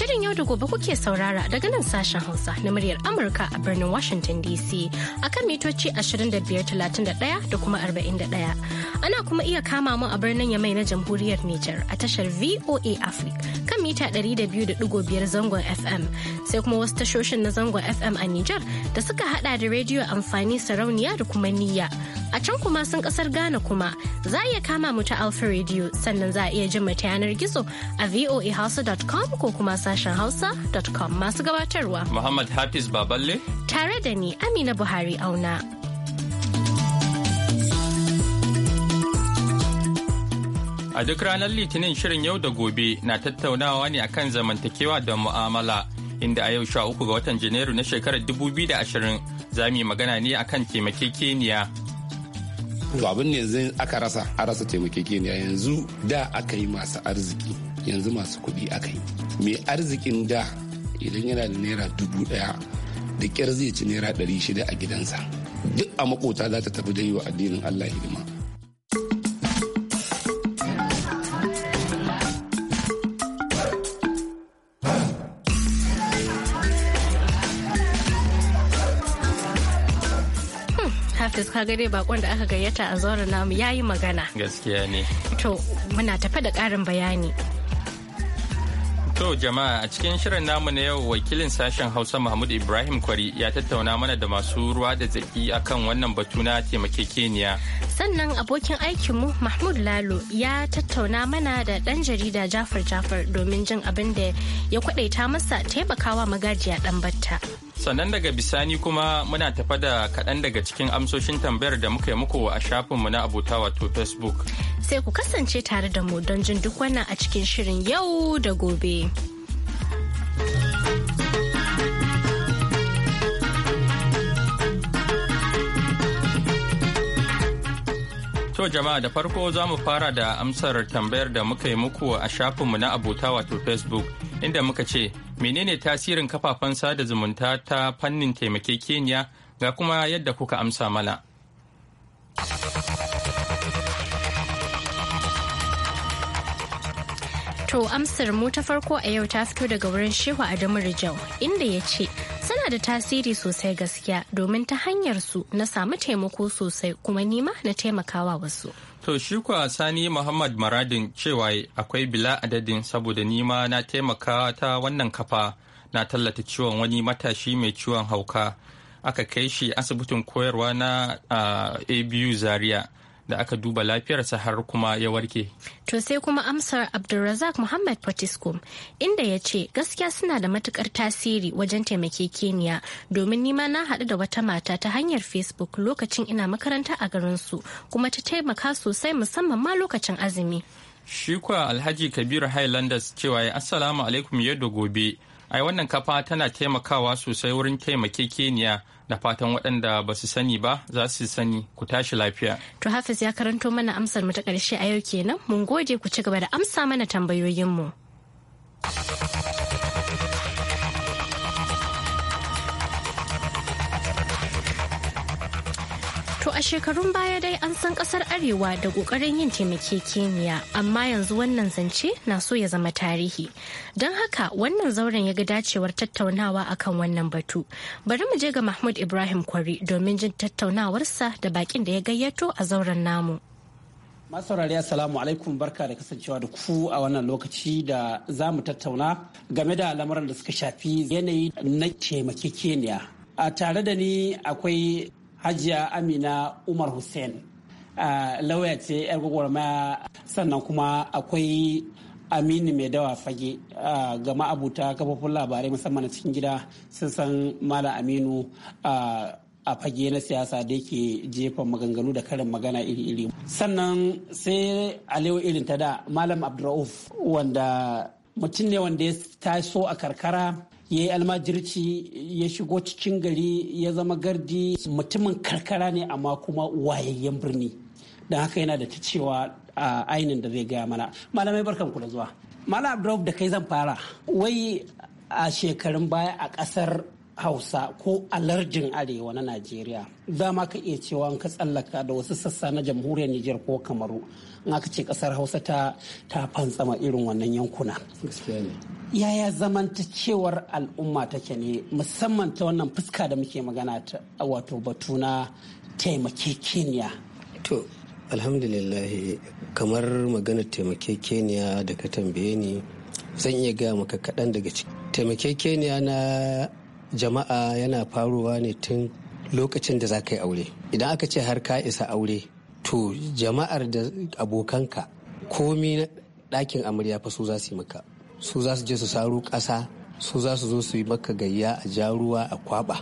Shirin yau da gobe kuke saurara daga nan sashen Hausa na muryar Amurka a birnin Washington DC akan mitoci 2531 da kuma 41. Ana kuma iya kama mu a birnin Yamai na Jamhuriyar Nijar a tashar VOA Africa kan mita 200.5 zangon FM sai kuma wasu tashoshin na zangon FM a Nijar da suka hada da rediyo amfani sarauniya da kuma niyya. A can kuma sun kasar Ghana kuma za a iya kama mu ta Alpha Radio sannan za a iya jin mu ta yanar gizo a voahausa.com ko kuma sa sashen hausa.com masu gabatarwa. Muhammad Hafiz Baballe. Tare da ni Amina Buhari auna. A duk ranar Litinin shirin yau da gobe na tattaunawa ne akan zamantakewa da mu'amala inda a yau sha uku ga watan Janairu na shekarar 2020 za mu yi magana ne akan taimakekeniya to abin ne yanzu aka rasa a rasa taimakekeniya yanzu da aka yi masu arziki yanzu masu kuɗi aka yi mai arzikin da idan yana da naira dubu ɗaya da ƙyar zai ci naira ɗari shida a gidansa duk a makota za ta tafi da yi wa addinin allah hidima Francis ka gare bakon da aka gayyata a zauren namu ya yi magana. Gaskiya ne. To muna tafe da ƙarin bayani. To jama'a a cikin shirin namu na yau wakilin sashen Hausa Mahmud Ibrahim Kwari ya tattauna mana da masu ruwa da zaki akan wannan batu na taimakekeniya. sannan abokin aikinmu mahmud lalo ya tattauna mana da ɗan jarida jafar jafar domin jin abin da ya kwadaita masa taimakawa magajiya dan batta sannan daga bisani kuma muna tafa da kaɗan daga cikin amsoshin tambayar da muka yi muku a shafinmu na abota wato facebook sai ku kasance tare da mu don jin duk wannan a cikin shirin yau da gobe. To jama'a da farko za mu fara da amsar tambayar da muka yi muku a shafinmu na abota wato Facebook inda muka ce menene tasirin kafafen sada zumunta ta fannin taimake taimakekeniya ga kuma yadda kuka amsa mana. To amsar mu ta farko a yau ta fito daga wurin Shehu Adamu Rijau inda ya ce suna da tasiri sosai gaskiya domin ta hanyar su na samu taimako sosai kuma nima na taimakawa wasu. To shi kuwa Sani Muhammad Maradin cewa akwai bila adadin saboda nima na taimaka ta wannan kafa na tallata ciwon wani matashi mai ciwon hauka. Aka kai shi asibitin koyarwa na uh, ah, ABU Zaria da aka duba lafiyarsa har kuma ya warke. To sai kuma amsar Abdulrazak Muhammad Potiskum inda ya ce gaskiya suna da matukar tasiri wajen taimakekeniya domin nima na haɗu da wata mata ta hanyar Facebook lokacin ina makaranta a garin su kuma ta taimaka sosai musamman ma lokacin azumi. Shi Alhaji Kabiru Highlanders cewa ya Assalamu alaikum yadda gobe. ai wannan kafa tana taimakawa sosai wurin taimake keniya da fatan waɗanda ba su sani ba za su sani ku tashi lafiya. To Hafiz ya karanto mana amsar mu ta ƙarshe a yau kenan mun gode ku ci gaba da amsa mana tambayoyin mu. a shekarun baya dai an san kasar arewa da kokarin yin taimakekeniya amma yanzu wannan zance na so ya zama tarihi don haka wannan zauren ya ga dacewar tattaunawa akan wannan batu bari mu je ga mahmud ibrahim kwari domin jin tattaunawarsa da bakin da ya gayyato a zauren namu masaurari assalamu alaikum barka da kasancewa da ku a wannan lokaci da za mu tattauna game da lamuran da suka shafi yanayi na taimakekeniya a tare da ni akwai hajiya amina umar hussein lauya ce 'yar gwagwarmaya sannan kuma akwai aminu mai dawa fage ga ma'abuta kafofin labarai musamman cikin gida sun san malam aminu a fage na siyasa da yake jefa maganganu da karin magana iri-iri sannan sai alewa irin ta da malam abdurrauf wanda mutum ne wanda ya taso a karkara ya yi almajirci ya shigo cikin gari ya zama gardi mutumin karkara ne amma kuma wayayyen birni don haka yana da ta cewa a ainihin da zai gaya mana malamai barkanku da zuwa malam abdullahi da kai zan fara wai a shekarun baya a ƙasar. hausa ko alarjin arewa na najeriya za ma ka iya cewa ka tsallaka da wasu sassa na jamhuriyar nijar ko kamaru na ka ce kasar hausa ta ta fantsama irin wannan yankuna yaya zamantakewar al'umma take ne musamman ta wannan fuska da muke magana ta wato batu na taimakekeniya to alhamdulillah kamar maganar taimakekeniya da ka tambaye ni zan iya gaya maka kaɗan daga ciki taimakekeniya na jama'a yana faruwa ne tun lokacin da za ka yi aure idan aka ce har ka isa aure to jama'ar da abokanka komi na ɗakin amarya fa su za su yi maka su za su je su saro ƙasa su za su zo su yi maka gayya a ja ruwa a kwaba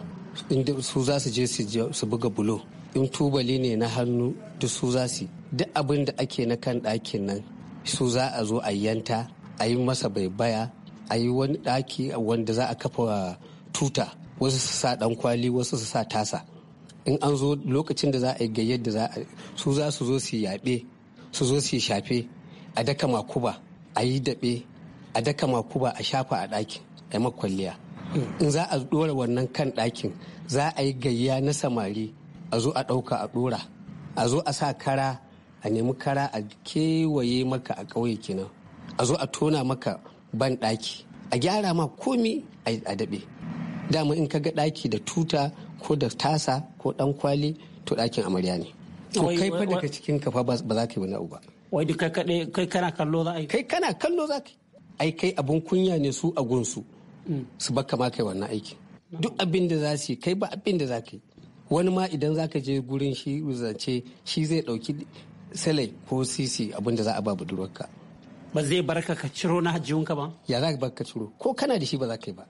su za su je su buga bulo in tubali ne na hannu duk su za su duk abin da ake na kan ɗakin nan su za a zo a yanta a yi masa baibaya a yi wani ɗaki wanda za a kafa tuta wasu su sa dan kwali wasu su sa tasa in an zo lokacin da za a yi gayyar da za a su za su zo su yaɓe su zo su shafe a daka makuba a yi daɓe a daka makuba a shafa a ɗakin a yi makwalliya in za a ɗora wannan kan ɗakin za a yi gayya na samari a zo a ɗauka a ɗora a zo a sa kara a nemi kara a kewaye maka a ƙauye kenan a zo a tona maka ban ɗaki a gyara ma komi a daɓe dama in ka ga ɗaki da tuta ko da tasa ko ɗan kwali to ɗakin amarya ne to kai fa daga cikin ka fa ba za ka yi wani abu ba wai duk kai kai kana kallo za a yi kai kana kallo za ka ai kai abun kunya ne su a gunsu su mm. baka ma kai wannan aiki duk abin da za su yi kai ba abin da za ka yi wani ma idan za ka je gurin shi zance shi zai ɗauki salai ko sisi abin da za a ba budurwarka ba zai barka ka ciro na hajjiyunka ba ya za ka barka ciro ko kana da shi ba za ka yi ba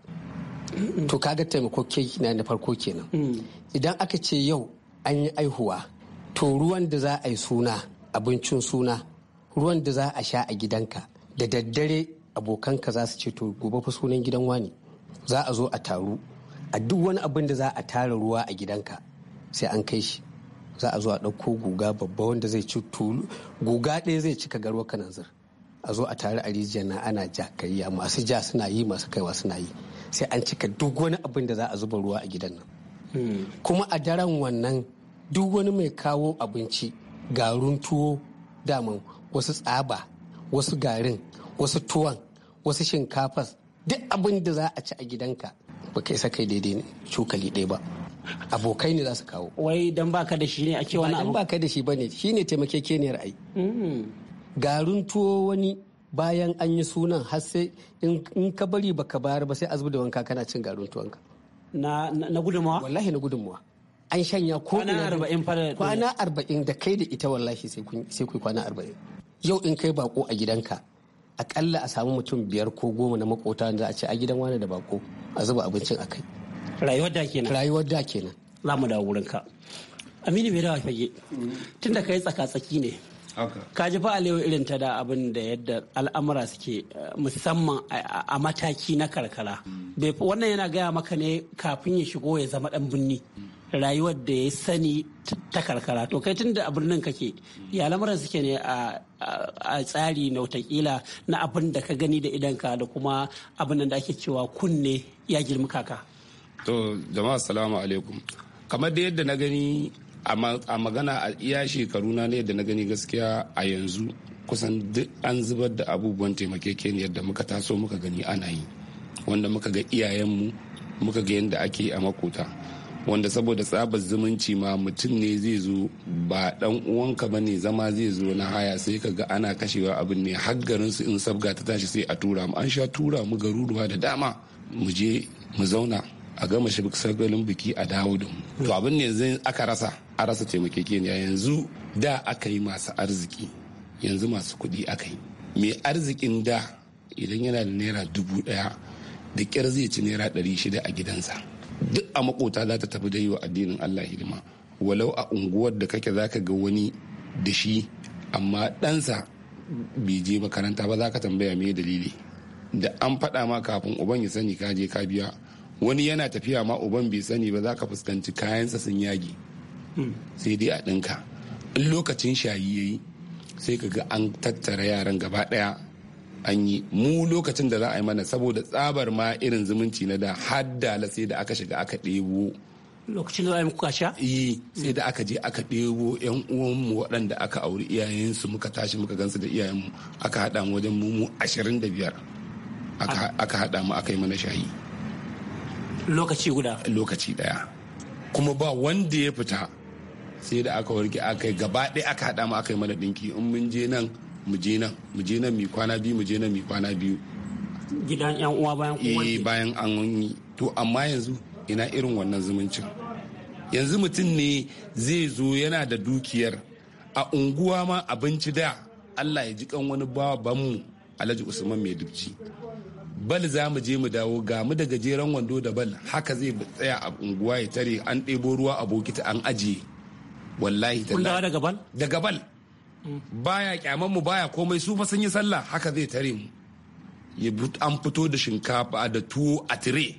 to kaga taimako na na farko kenan mm. idan aka ce yau an yi aihuwa to ruwan da za a yi suna abincin suna ruwan da za a sha a gidanka da daddare abokanka za su ce to gobe fa sunan gidan wani za a zo a taru a duk wani abin da za a tara ruwa a gidanka sai an kai shi za a zo a ɗauko guga babba wanda zai ci tulu guga ɗaya zai cika garwa kananzir a zo a tare a rijiyar na ana jakayya masu ja suna yi masu kaiwa suna yi sai an cika duk wani abin da za a zuba ruwa a gidan nan kuma a daren wannan duk wani mai kawo abinci garin tuwo daman wasu tsaba wasu garin wasu tuwon wasu shinkafas duk abin da za a ci a gidanka ba kai sakai daidai cokali ɗaya ba abokai ne za su kawo wai dan baka da shi ne ake wani abu baka da shi bane shine taimakekeniyar ai mm. Garin tuwo wani bayan an yi sunan har sai in ka bari ba ka bayar ba sai azubu da wanka kana cin garin tuwanka na na gudunmawa wallahi na gudunmawa an shanya ko ina arba'in fara kwana arba'in da kai da ita wallahi sai kun sai ku kwana arba'in yau in kai bako a gidanka akalla a samu mutum biyar ko goma na makota da a ce a gidan wani da bako a zuba abincin a kai rayuwar da kenan rayuwar da kenan za mu dawo wurinka aminu mai dawa fage tun da kai tsaka-tsaki ne ka ji fa alewa irin ta da abin da yadda al'amura suke eh, musamman a mataki na karkara mm. wannan yana gaya maka ne kafin ya shigo ya zama dan birni mm. rayuwar da ya sani ta karkara to kai tun da a birnin kake mm. ya lamura suke ne a tsari na watakila na abin da ka gani da idanka da kuma abin da ake cewa kunne ya girmi kaka to jama'a salamu alaikum kamar da yadda na gani a magana a iya shekaru na ne da na gani gaskiya a yanzu kusan duk an zubar da abubuwan taimakekeniyar yadda muka taso muka gani ana yi wanda muka ga iyayenmu muka ga yadda ake a makota wanda saboda tsabar zumunci ma mutum ne zai zo ba dan uwanka ba ne zama zai zo na haya sai ka ga ana kashewa abin ne har garin su in sabga ta tashi sai a tura mu an sha tura mu garuruwa da dama mu je mu zauna a gama shi sagalin biki a dawo to abin ne zai aka rasa a rasa taimakekeniya yanzu da aka yi masu arziki yanzu masu kuɗi aka yi mai arzikin da idan yana da naira dubu ɗaya da ƙyar zai ci naira ɗari shida a gidansa duk a makota za ta tafi da yi wa addinin allah hidima walau a unguwar da kake za ka ga wani da shi amma ɗansa bai je makaranta ba za ka tambaya me dalili da an faɗa ma kafin uban ya sani ka je ka biya wani yana tafiya ma uban bai sani ba za ka fuskanci kayansa sun yage hmm. sai dai a ɗinka in lokacin shayi yayi sai ka ga an tattara yaran gaba ɗaya an yi mu lokacin da za a yi mana saboda tsabar ma irin zumunci na da haddala sai da aka shiga aka ɗebo lokacin da za a yi muku sha? Eh, sai da aka je aka ɗebo yan uwanmu waɗanda aka auri iyayensu muka tashi muka gansu da iyayenmu aka haɗa mu wajen mu ashirin da biyar aka haɗa mu aka yi mana shayi lokaci guda lokaci daya kuma ba wanda ya fita sai da aka warke aka yi gaba ɗaya aka haɗa mu aka yi mana ɗinki in mun je nan mu je nan mu je nan mi kwana biyu mu je nan mi kwana biyu gidan yan uwa bayan kuma eh bayan an yi to amma yanzu ina irin wannan zumuncin yanzu mutum ne zai zo yana da dukiyar a unguwa ma abinci da Allah ya ji kan wani babanmu Alhaji Usman mai Dubci bal za mu je mu dawo ga mu da gajeren wando da bal haka zai tsaya a unguwa ya tare an ɗebo ruwa a bokiti an ajiye wallahi daga bal daga bal baya kyaman mu baya komai su fa sun yi sallah haka zai tare mu ya an fito da shinkafa da tuwo a tire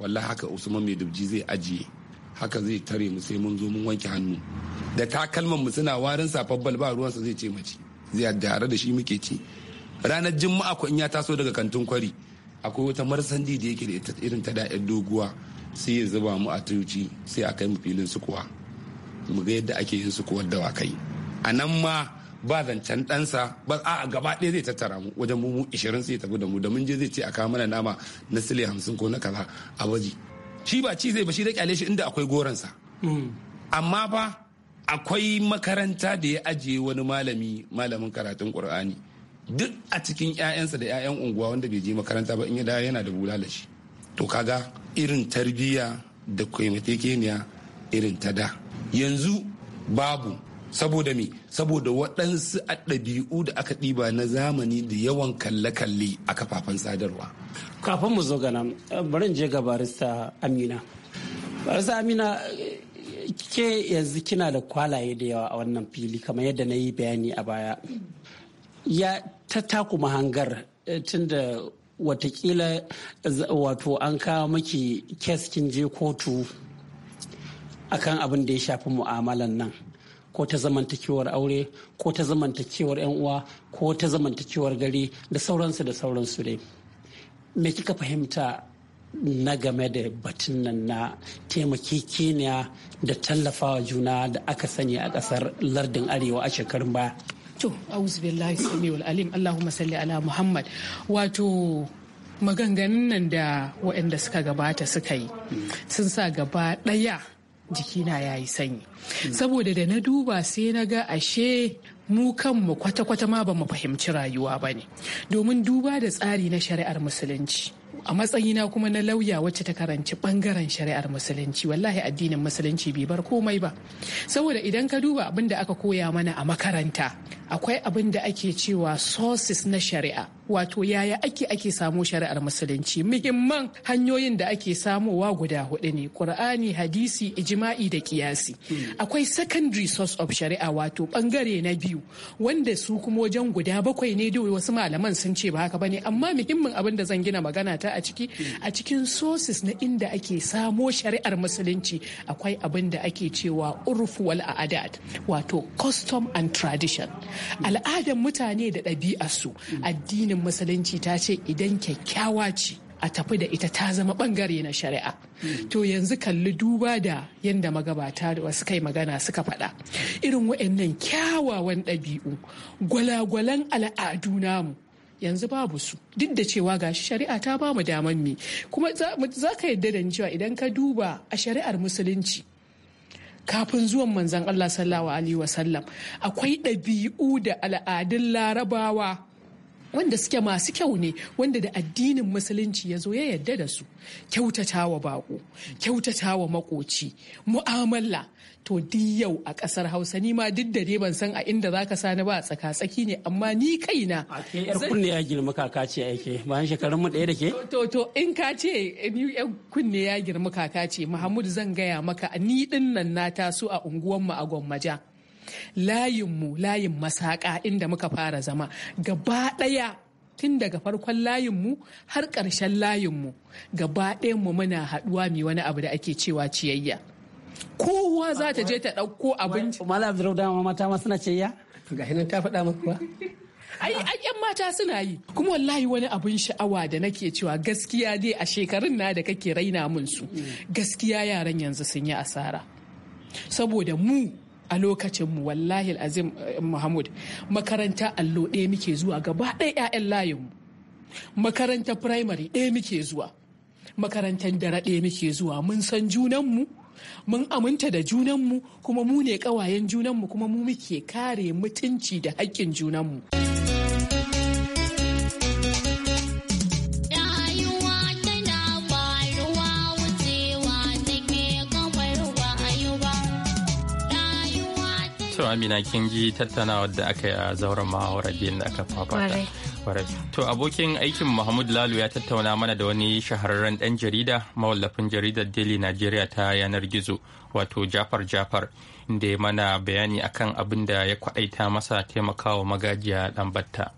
wallahi haka usman mai dubji zai ajiye haka zai tare mu sai mun zo mun wanke hannu da takalman mu suna warin safan bal ba ruwan sa zai ce mace zai da shi muke ci ranar juma'a ko in ya taso daga kantin kwari akwai wata marsandi da yake da ita irin ta da'yar doguwa sai ya zuba mu a tuci sai a kai mu filin sukuwa mu ga yadda ake yin sukuwar wakai a nan ma ba zancen ɗansa ba a gaba ɗaya zai tattara mu wajen mu mu ishirin sai tafi da mu da mun je zai ce a kawo mana nama na sile hamsin ko na kaza a waje shi ba ci zai ba shi da kyale shi inda akwai goransa hmm. amma fa akwai makaranta da ya ajiye wani malami malamin karatun qur'ani duk a cikin 'ya'yansa da 'ya'yan unguwa wanda bai je makaranta ba in ya dawo yana da bulala shi to kaga irin tarbiyya da kwaimatakeniya irin ta da yanzu babu saboda me saboda waɗansu a ɗabi'u da aka ɗiba na zamani da yawan kalle-kalle a kafafen sadarwa kafin mu zo gana eh, bari je ga barista amina barista amina eh, ke yanzu kina da kwalaye da yawa a wannan fili kamar yadda na yi bayani a baya ya ta taku mahangar eh, tunda watakila wato an kawo maki kes kin je kotu akan abin da ya shafi mu'amalan nan ko ta zamantakewar aure ko ta zamantakewar 'yan uwa ko ta zamantakewar gari da sauransu da sauransu dai me kika fahimta na game da batun nan na keniya da tallafawa juna da aka sani a ƙasar lardin arewa a shekarun baya to auzu billahi samiul alim allahumma salli ala muhammad wato maganganun nan da waɗanda suka gabata suka yi sun sa gaba ɗaya jikina ya yi sanyi saboda da na duba sai na ga ashe mu kanmu kwata-kwata ma ba mu fahimci rayuwa ba ne domin duba da tsari na shari'ar musulunci a matsayina kuma na lauya wacce ta karanci bangaren shari'ar musulunci wallahi addinin musulunci bai bar komai ba saboda idan ka duba abin da aka koya mana a makaranta akwai abin da ake cewa sources na shari'a wato yaya ake ake samo shari'ar musulunci muhimman hanyoyin da ake samowa guda hudu ne qur'ani hadisi ijma'i da kiyasi akwai secondary source of shari'a wato bangare na biyu wanda su kuma wajen guda bakwai ne dai wasu malaman sun ce ba haka bane amma muhimmin abin da zan gina magana ta a ciki a cikin sources na inda ake samo shari'ar musulunci akwai abin da ake cewa urfu wal adat wato custom and tradition al'adar mutane da ɗabi'arsu addinin musulunci ta ce idan kyakkyawa ce a tafi da ita ta zama bangare na shari'a to yanzu kalli duba da yadda magabata da wasu kai magana suka faɗa irin wa'annan kyawawan ɗabi'u gwalagwalan al'adu namu yanzu babu su duk da cewa gashi shari'a ta ba mu daman mi kuma za ka yadda da cewa idan ka duba a shari'ar musulunci kafin zuwan manzan Allah sallallahu alaihi wasallam akwai ɗabi'u da al'adun larabawa wanda suke masu kyau ne wanda da addinin musulunci ya zo ya yarda da su kyautatawa bako kyautatawa makoci mu'amala to di yau a kasar hausa ni ma duk da ban san a inda zaka sani ba tsaka tsaki ne amma ni kaina a ke kunne ya girma kaka ce ake bayan shekarun mu daya da ke to to in ka ce ni yar kunne ya girma kaka ce muhammad zan gaya maka ni din nan na taso a unguwan mu a gwammaja layinmu layin masaka inda muka fara zama gaba ɗaya tun daga farkon layinmu har ƙarshen layinmu gaba mu muna haɗuwa mai wani abu da ake cewa ciyayya kowa za ta je ta ɗauko abinci malam dama mata ma suna ciyayya ga hinan ta faɗa maka ai ayyan mata suna yi kuma wallahi wani abin sha'awa da nake cewa gaskiya dai a shekarun na da kake raina mun su gaskiya yaran yanzu sun yi asara saboda mu a lokacin mu wallahi azim eh, muhammad makaranta allo ɗaya muke zuwa gaba ɗaya 'ya'yan layinmu, makaranta primary ɗaya muke zuwa makarantar dare ɗaya muke zuwa mun san junanmu mun aminta da junanmu kuma mu ne ƙawayen junanmu kuma mu muke kare mutunci da haƙƙin junanmu. amina kin ji tattaunawar da aka yi a zauren muhawarar biyan da aka fafata to abokin aikin mahmud lalu ya tattauna mana da wani shahararren dan jarida mawallafin jaridar daily nigeria ta yanar gizo wato jafar jafar inda ya mana bayani akan abin da ya kwaɗaita masa taimakawa magajiya dan batta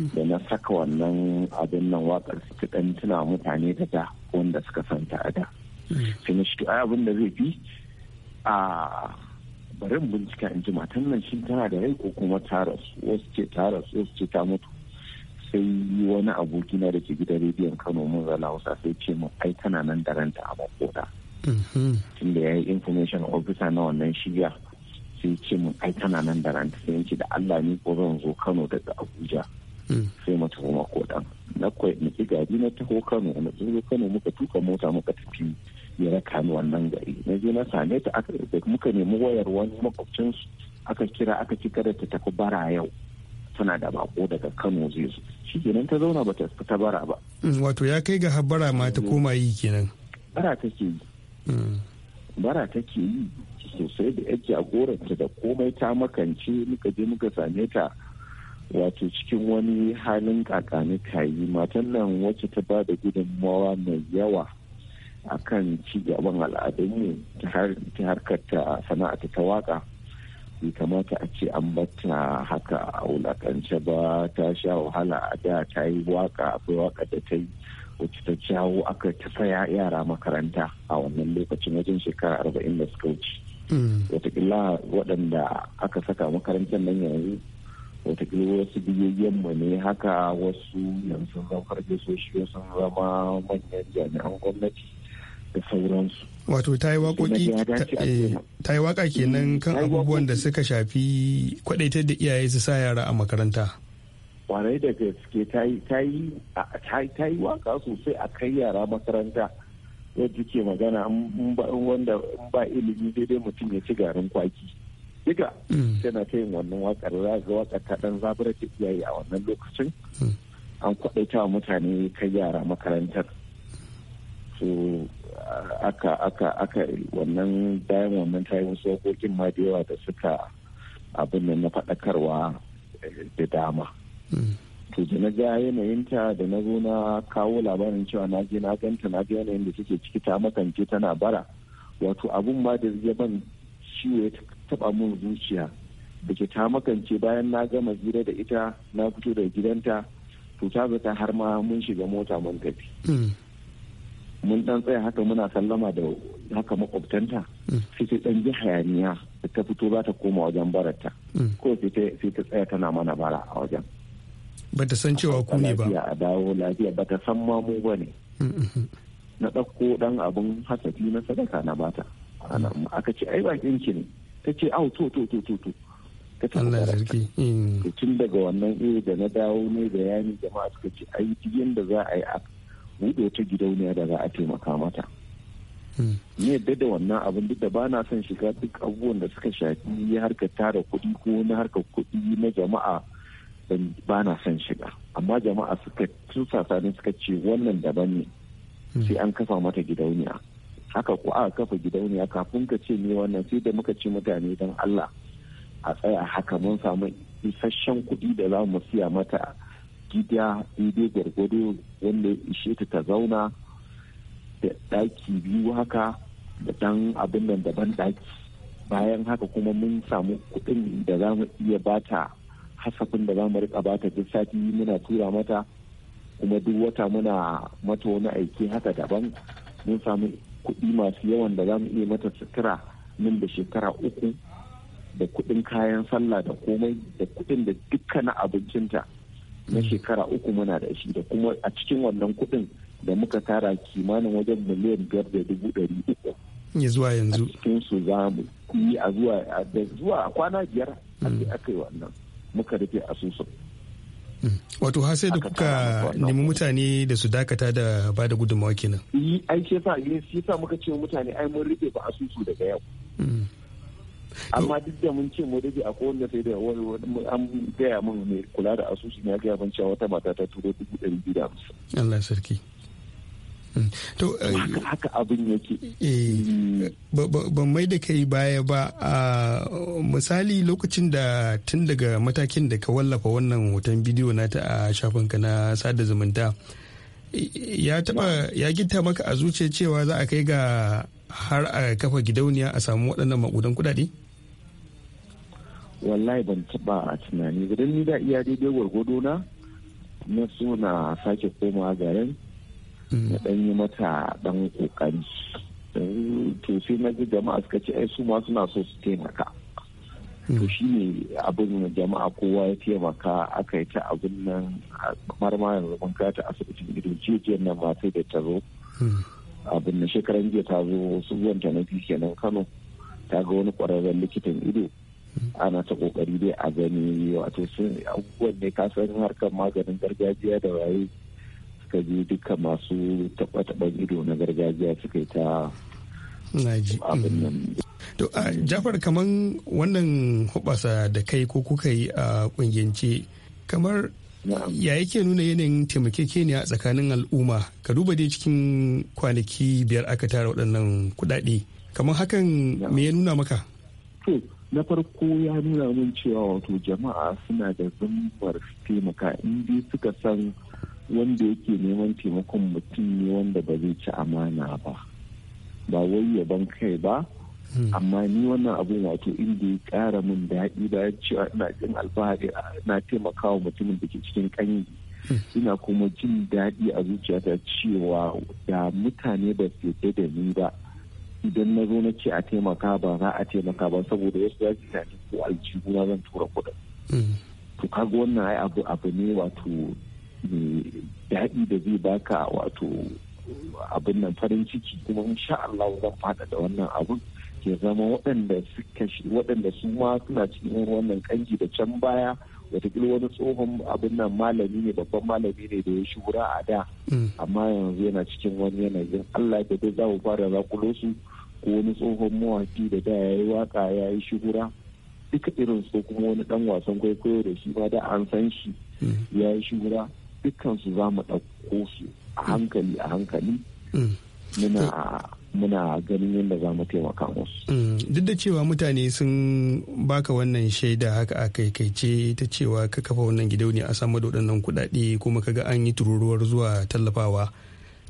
da na saka wannan abin nan wakar su ɗan tuna mutane da da wanda suka santa a da. Finish hmm. abin da zai fi a bari bincika in ji matan nan shi tana da rai ko kuma ta wasu ce ta rasu wasu ce ta mutu sai wani aboki na da ke gidan rediyon kano mun zala hausa sai ce mu ai tana nan da ranta a mm-hmm. tun da ya yi information officer na wannan shiga sai ce mun ai tana nan da ranta sai yanki da allah ni ko zan zo kano daga abuja mm. sai mu tafi makodan na kwai na gari na taho kano na tsoro kano muka tuka mota muka tafi ya raka ni wannan gari na je na same ta da muka nemi wayar wani makwabcin aka kira aka ci kada ta tafi bara yau tana da bako daga kano zai zo shi kenan ta zauna bata ta bara ba mm, wato ya kai ga habara ma ta koma yi kenan bara take yi mm. bara take yi sosai da yake a goranta da komai ta makance muka je muka same ta wato cikin wani halin kakani kayi matan nan wacce ta ba da gudunmawa mai yawa akan ci gaban ne ta harkar ta sana'ata ta waka bai kamata a ce an bata haka a wulakance ba ta sha wahala a da ta yi waka akwai waka da ta yi wacce ta jawo aka ta saya yara makaranta a wannan lokacin wajen shekara arba'in da suka wuce mm. watakila waɗanda aka saka makarantar nan yanzu watakila wasu biyayyen mu ne haka wasu yanzu zan farge sun zama manyan jami'an gwamnati da sauransu wato ta yi waƙoƙi eh, ta yi waƙa kenan kan abubuwan da suka shafi kwadaitar da iyaye su sa yara a makaranta kwarai da gaske ta yi waƙa sosai a kai yara makaranta yadda ke magana wanda ba ilimi daidai mutum ya ci garin kwaki Diga mm. tana ta yin wannan waƙar za ga waƙar ta ɗan zaburar da iyaye a wannan lokacin mm. an kwaɗaita mutane kai yara makarantar aka aka aka wannan bayan wannan ta yi wasu ma da yawa da suka abin nan na faɗakarwa eh, da dama hmm. to da na ga yanayinta da na zo na kawo labarin cewa na je na ganta na ga yanayin da suke ciki ta makance tana bara wato abun ma da zai ban ciwo ya taba mun zuciya da ke ta makance bayan na gama zira da ita na fito da gidanta to ta zata har ma mun shiga mota mun tafi hmm. mun dan tsaya haka muna sallama da haka makwabtanta mm. sai dan ji hayaniya da ta fito za ta koma wajen barata mm. ko sai ta tsaya tana mana bara a wajen ba ta san cewa ku ne ba a dawo lafiya ba ta san mamu ba ne mm, na ɗauko ɗan abun hasafi na sadaka na bata aka ce ai bakin ki ne ta ce au to to to to to ta ta Allah sarki tun daga wannan eh da na dawo ne bayani jama'a suka ce ai yadda da za a yi buɗe wata gidauniya da za a taimaka mata hmm. ni yadda da wannan abin duk da ba na son shiga duk abubuwan da suka shafi ya harkar tara kuɗi ko na harkar kuɗi na jama'a ba na son shiga amma jama'a suka tursasa ne suka ce wannan daban ne hmm. sai an kafa mata gidauniya haka ko aka kafa gidauniya kafin ka ce ne wannan sai da muka ce mutane don Allah a tsaya haka mun samu isasshen kuɗi da za mu siya mata gida daidai gwargwado wanda ya ishe ta ta zauna da ɗaki biyu haka da ɗan abin nan daban ɗaki bayan haka kuma mun samu kuɗin da za mu iya bata hasafin da za mu rika bata duk sati muna tura mata kuma duk wata muna mata wani aiki haka daban mun samu kuɗi masu yawan da za mu iya mata sutura nan da shekara uku da kuɗin kayan sallah da komai da kuɗin da dukkanin abincinta na shekara uku muna da shi da kuma a cikin wannan kuɗin da muka tara kimanin wajen miliyan biyar da dubu ɗari uku. Ya zuwa yanzu. A cikin su za mu yi a zuwa da zuwa a kwana biyar mm. aka yi wannan muka rufe asusun. Mm. Wato har sai da kuka nemi mutane da su dakata da ba da gudunmawa kenan. Yi ai sai sa muka ce mutane ai mun rufe ba asusu daga yau. Mm. amma duk da mun ce mu dade a kowanne sai da an gaya mun mai kula da asusu ya gaya mun cewa wata mata ta turo dubu ɗari biyu da hamsin. Allah sarki. Hmm. To, eh, haka abin yake. Eh, hmm. Ban mai da kai baya ba a misali lokacin da tun daga matakin da ka wallafa wannan hoton bidiyo na ta a shafinka na sada zumunta. ya taba ya gita maka a zuciya cewa za a kai ga har a kafa gidauniya a samu waɗannan maƙudan kuɗaɗe? wallahi ban taba a tunani ba don ni da iya daidai gwargwado na na so na sake komawa garin mm. na dan yi mata dan kokari to sai na ji jama'a suka ce ai su ma suna so su taimaka to mm. shi ne abin da jama'a kowa ya taimaka aka yi ta abin nan kamar ma yanzu mun ta asibitin ido jijiyar nan ma sai da ta zo mm. abin da shekaran jiya ta zo su zuwanta na biyu kenan kano ta ga wani kwararren likitan ido ana ta kokari dai a gani wato sun abubuwan ne kasan harkar maganin gargajiya da waye suka je duka masu taba ido na gargajiya suka yi ta abin nan mm. To a Jafar kaman wannan hubasa da kai ko kuka yi a kungiyance kamar ya yake nuna yanayin taimakekeniya a tsakanin al'umma ka duba dai cikin kwanaki biyar aka tara waɗannan kuɗaɗe kamar hakan me ya nuna maka? na farko ya nuna min cewa wato jama'a suna da zumbar taimaka inda suka san wanda yake neman taimakon mutum ne wanda ba zai ci amana ba ba wai yaban kai ba hmm. amma ni wannan abun wato inda ya kara min daɗi ya cewa ina jin alfahari na taimakawa mutumin da ke cikin kanyi hmm. ina kuma jin daɗi a zuciyata cewa da mutane ba su yarda da ni ba idan na zo na ce a taimaka ba za a taimaka ba saboda wasu ya ji tani ko aljihu na zan tura kuɗin. Mm. To kaga wannan ai abu abu ne wato daɗi da zai baka wato abin nan farin ciki kuma insha Allah zan faɗa da wannan abun ke zama waɗanda suka waɗanda su ma suna cikin wannan kanji da can baya wataƙila wani tsohon abin nan malami ne babban malami ne da ya shura a da mm. amma yanzu yana cikin wani yanayin Allah da zai za mu fara zakulo su ko wani tsohon mawaki da da ya yi waka ya yi shuhura duka irin su kuma wani dan wasan kwaikwayo da shi ba da an san shi mm. ya yi shuhura dukkan su za mu ɗauko su a hankali a hankali mm. muna muna ganin yadda za mu taimaka musu. Mm. Duk da cewa mutane sun baka wannan shaida haka a ce ta cewa ka kafa wannan gidauniya a samar da waɗannan kuɗaɗe kuma kaga an yi tururuwar zuwa tallafawa.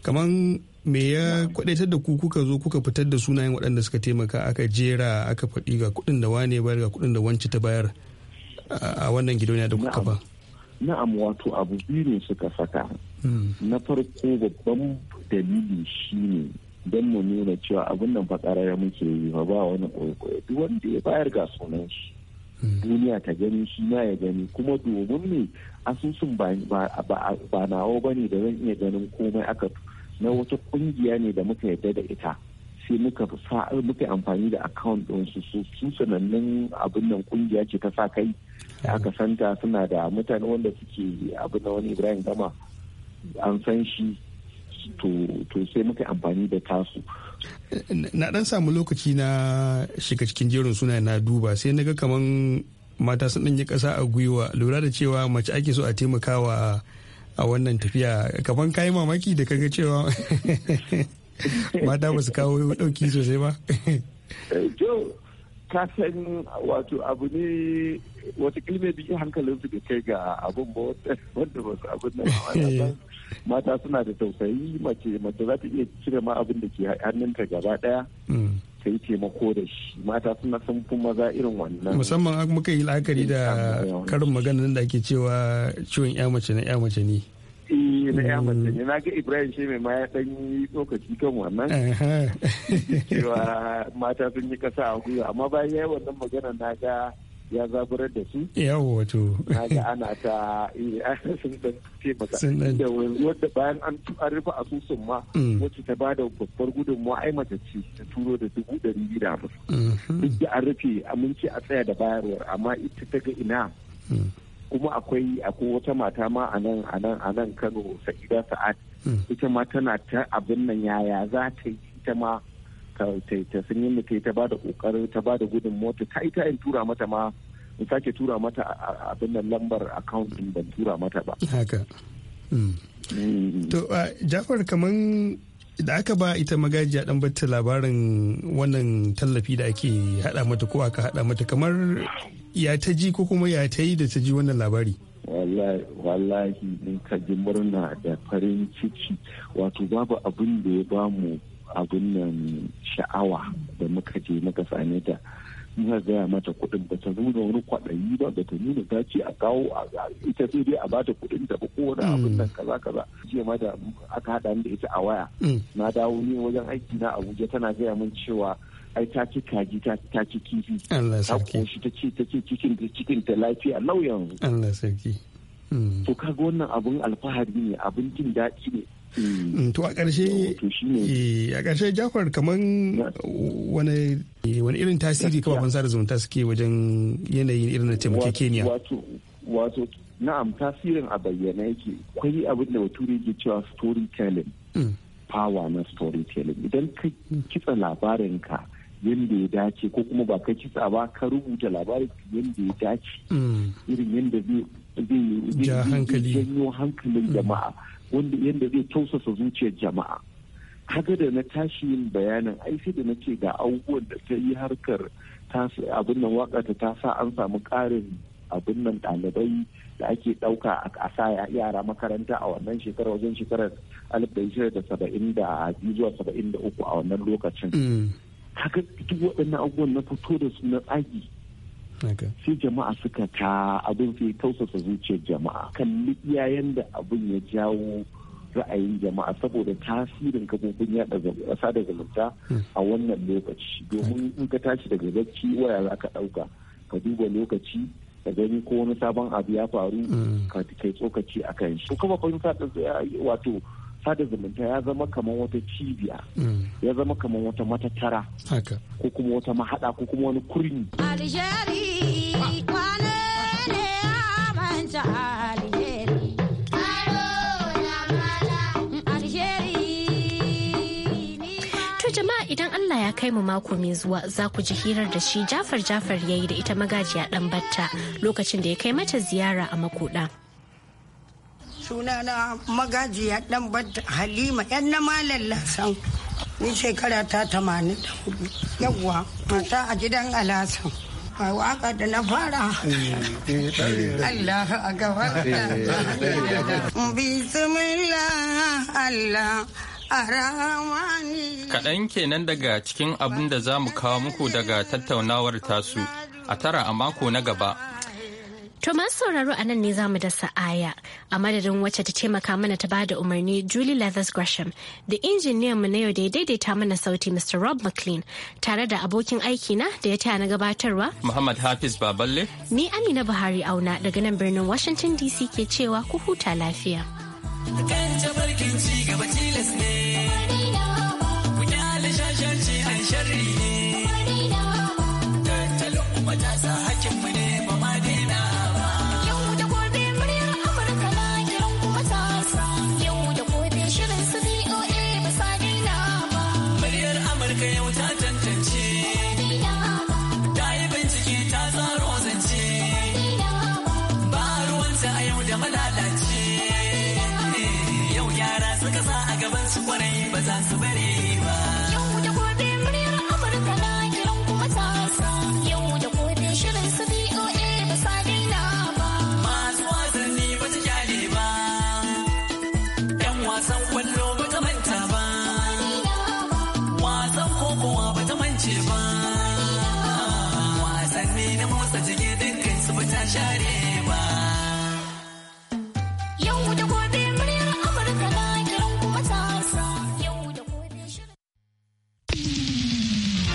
kaman me ya kwadaitar da ku kuka zo kuka fitar da sunayen waɗanda suka taimaka aka jera aka faɗi ga kuɗin da wane bayar ga kuɗin da wance ta bayar a wannan gidauniya da kuka ba na'am wato abu biyu ne suka saka hmm. na farko babban dalili shine don mu nuna cewa abin nan fa ya muke yi ba ba wani kwaikwayo duk wanda ya bayar ga sunan shi hmm. duniya ta gani shi ma ya gani kuma domin ne asusun ba nawa ba ne da zan iya ganin komai aka na wata kungiya ne da muka yarda da ita sai muka sa muka amfani da account din su su sanannun abin nan kungiya ce ta sa kai da aka santa suna da mutane wanda suke abin da wani Ibrahim Gama an san shi to sai muka amfani da tasu na dan samu lokaci na shiga cikin jerin suna na duba sai naga kaman mata sun yi kasa a gwiwa lura da cewa mace ake so a taimakawa a wannan tafiya kaman kayi mamaki da kaga cewa mata ba su kawo dauki sosai ba eh, ka san wato abu ne wata kilme biyu hankalin su da kai ga abun ba wanda ba su abun mata suna da tausayi mace mace za ta iya cire ma abin da ke hannunta gaba daya mm. ta yi taimako da shi mata suna sun fi maza irin wannan musamman an muka yi la'akari da karin maganar da ake cewa ciwon ya mace na ya mace ne eh, na ya mace ne mm. na ga ibrahim shi mai ma ya dan yi tsokaci kan wannan cewa mata sun yi kasa a gwiwa amma bayan ya yi wannan magana na ga ya zaburar da su yawo wato ana ta eh, sun dan taimaka da wanda bayan an rufe asusun ma mm. wacce ta bada babbar gudunmawa ai mace ce ta turo da dubu ɗari biyu da mm-hmm. duk da an rufe aminci a tsaya da bayarwar amma ita ta ga ina mm. kuma akwai akwai wata mata ma a nan a nan a nan Kano Sa'ida Sa'ad mm. ita ma tana ta abin nan yaya za ta yi ita ma ta sun yi mutai ta bada kokarin ta bada gudun mota ta ta in tura mata ma in sake tura mata abin nan lambar account din ban tura mata ba haka hmm. mm. to jafar kaman da aka ba ita magajiya dan batta labarin wannan tallafi da ake hada mata ko aka hada mata kamar ya ta ji ko kuma ya ta yi da ta ji wannan labari wallahi in ka ji murna da farin ciki wato babu abin da ya bamu abin nan sha'awa da muka je muka same ta muka gaya mata kuɗin ba ta nuna wani kwaɗayi ba da ta nuna ta ce a kawo ita sai dai a bata kuɗin ta ba kowane mm. abin nan kaza kaza jiya ma da aka haɗa da ita a waya mm. na dawo ne wajen aiki na abuja tana gaya min cewa ai ta ci kaji ta ci kifi ta koshi ta ce ta ce cikin ta cikin ta lafiya lau yanzu mm. to kaga wannan abun alfahari ne abun jin daɗi ne Mm. Mm, to a ƙarshe eh, a ƙarshe jafar kamar wani eh, wani irin tasiri kafafen sada zumunta suke wajen yanayin irin na Kenya. wato na'am tasirin a bayyana yake akwai abin da bature ke cewa storytelling mm. power na storytelling idan ka kitsa labarinka yadda ya dace ko kuma ba ka kitsa ba ka rubuta labarin yadda ya dace irin yadda zai janyo hankalin jama'a wanda yadda zai tausasa zuciyar jama'a kaga da na tashi yin bayanin ai sai da nake ce ga abubuwan da ta yi harkar abin nan waka ta ta sa an samu ƙarin abin nan ɗalibai da ake ɗauka a sa yara makaranta a wannan shekarar wajen shekarar alif da shida da saba'in da biyu zuwa saba'in da uku a wannan lokacin mm. haka duk waɗannan abubuwan na fito da su na tsagi sai jama'a suka ta abin fi tausasa zuciyar jama'a kan iyayen da abin ya jawo ra'ayin jama'a saboda tasirin kafofin yada sada zumunta hmm. a wannan lokaci domin hmm. in ka tashi daga bacci waya za ka ɗauka ka duba lokaci ka gani ko wani sabon abu ya faru hmm. ka kai tsokaci a kan shi kuma fahimta wato sada zumunta ya zama kamar wata cibiya mm. ya zama kamar wata matattara ko kuma wata mahada ko kuma wani kurmi jama'a idan Allah ya kai mu mako mai zuwa za ku ji hirar da shi Jafar Jafar ya yi da ita magajiya ɗan batta lokacin da ya kai mata ziyara a makoda. sunana magajiya dan badda halima yan na malam lasan ni shekara ta tamanin da hudu yawwa mata a gidan alasan a waka da na fara Allah a gaba bismillah Allah Kaɗan kenan daga cikin abin da za mu kawo muku daga tattaunawar tasu a tara a mako na gaba To masu sauraro a nan ne za mu dasa aya a madadin wacce ta taimaka mana ta bada umarni Julie Leathers Gresham da injiniyan mu na yau da ya daidaita mana sauti Mr. Rob McLean tare da abokin aiki na da ya taya na gabatarwa. Muhammad Hafiz Baballe. Ni Amina Buhari Auna daga nan birnin Washington DC ke cewa ku huta lafiya. Kan ci gaba tilas ne. Ku kyale shashanci an sharri.